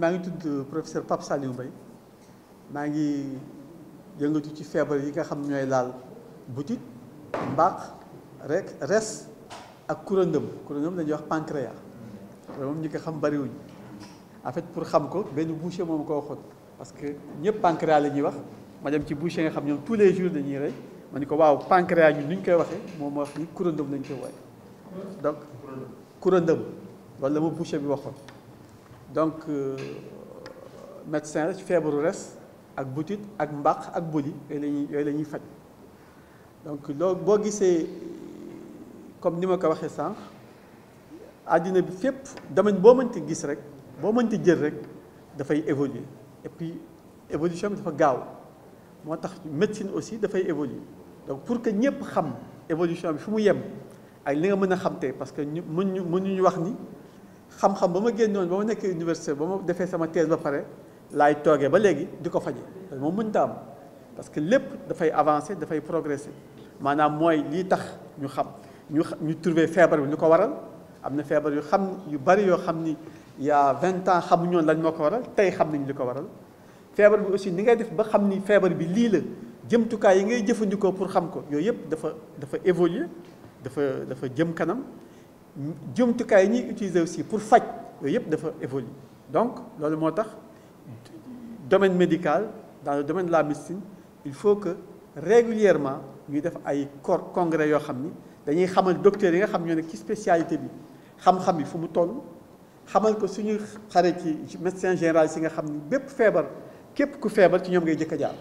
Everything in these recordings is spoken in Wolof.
maa ngi tudd professeur Pape Saliou Mbaye maa ngi yëngatu ci feebar yi nga xam ñooy laal butit mbaax rek res ak kurandëm kurandëm dañuy wax pancréas moom ñu ko xam bariwuñ en fait pour xam ko benn boucher moom ko waxoon parce que ñëpp pancréas la ñuy wax ma dem ci boucher nga xam ñoom tous les jours dañuy rey ma ni ko waaw pancréas ñu ni ñu koy waxee moom wax ni kurandëm lañ koy wooye donc kurandëm wala ma boucher bi waxoon donc euh, médecin ci feebaru res ak butit ak mbaq ak bëli yooyu lañuy faj donc loolu boo gisee comme ni ma ko waxee sànq àddina bi fépp domaine boo mënti gis rek boo mënti jël rek dafay évoluer et puis évolution bi dafa gaaw moo tax médecine aussi dafay évoluer donc pour que ñëpp xam évolution bi fu mu yem ak li nga mën a xam tey parce que ñu mën ñu mënuñu wax ni xam-xam ba ma génnoon ba ma nekk université ba ma defee sama thèse ba pare laay toogee ba léegi di ko faje moom mënut a am parce que lépp dafay avancer dafay progresser maanaam mooy lii tax ñu xam ñu ñu trouver feebar bi ñu ko waral am na feebar yu xam yu bari yoo xam ni il y a vingt ans xamuñoon lañ moo ko waral tey xam nañ li ko waral feebar bi aussi ni ngay def ba xam ni feebar bi lii la jëmtukaay yi ngay jëfandikoo pour xam ko yooyu yëpp dafa dafa évoluer dafa dafa jëm kanam jëmtukaay yi ñuy utiliser aussi pour faj yooyu yëpp dafa évoluer donc loolu moo tax domaine médical dans le domaine la médecine il faut que régulièrement ñuy def ay corps congrès yoo xam ni dañuy xamal docteurs yi nga xam ñoo ne ci spécialité bi xam-xam yi fu mu toll xamal ko suñu xare ci médecin général si nga xam ni bépp feebar képp ku feebar ci ñoom ngay jëkka a jaar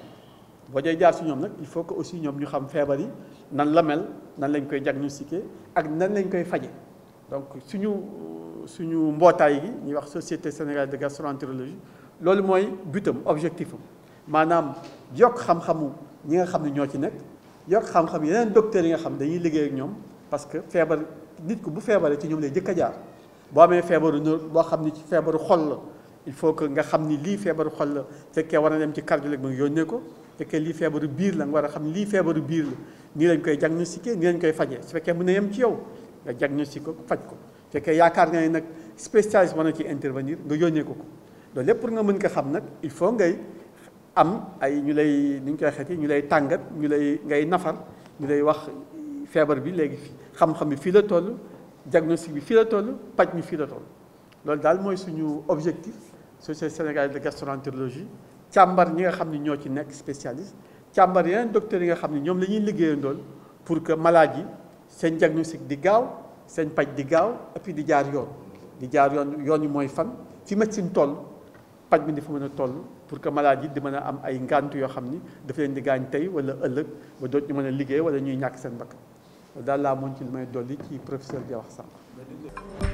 boo dee jaar ci ñoom nag il faut que aussi ñoom ñu xam feebar yi nan la mel nan lañ koy diagnostiqué ak nan lañ koy faje donc suñu suñu mbootaay gi ñuy wax société sénégalaise de gastroentérologie loolu mooy butam objectif maanaam yokk xam-xamu ñi nga xam ne ñoo ci nekk yokk xam-xam yeneen docteurs yi nga xam dañuy liggéey ak ñoom parce que feebar nit ko bu feebaree ci ñoom lay jëkk a jaar boo amee feebaru boo xam ne ci feebaru xol la il faut que nga xam ni lii feebaru xol la fekkee war na dem ci cardiologue bi yónnee ko fekkee lii feebaru biir la nga war a xam lii feebaru biir la nii lañ koy diagnostiqué nii lañ koy fajee su fekkee mun na yem ci yow nga diagnostiqué ko faj ko fekkee yaakaar na ne nag spécialiste war na ci intervenir nga yónnee ko ko lépp pour nga mën ko xam nag il faut ngay am ay ñu lay ni ñu koy xeeti ñu lay tàngat ñu lay ngay nafar ñu lay wax feebar bi léegi xam-xam bi fii la toll diagnostic bi fii la toll paj mi fii la toll loolu daal mooy suñu objectif société sénégal de gastroentérologie càmbar ñi nga xam ne ñoo ci nekk spécialiste càmbar yeneen docteurs yi nga xam ne ñoom la ñuy liggéeyandool pour que malade yi seen diagnostic di gaaw seen paj di gaaw et di jaar yoon di jaar yoon yoon yi mooy fan fi médecine toll paj mi dafa mën a toll pour que malade yi di mën a am ay ngàntu yoo xam ni dafa leen di gaañ tey wala ëllëg ba doot ñu mën a liggéey wala ñuy ñàkk seen bakkan daal laa moom ci lu may dolli ci professeur bi wax sànq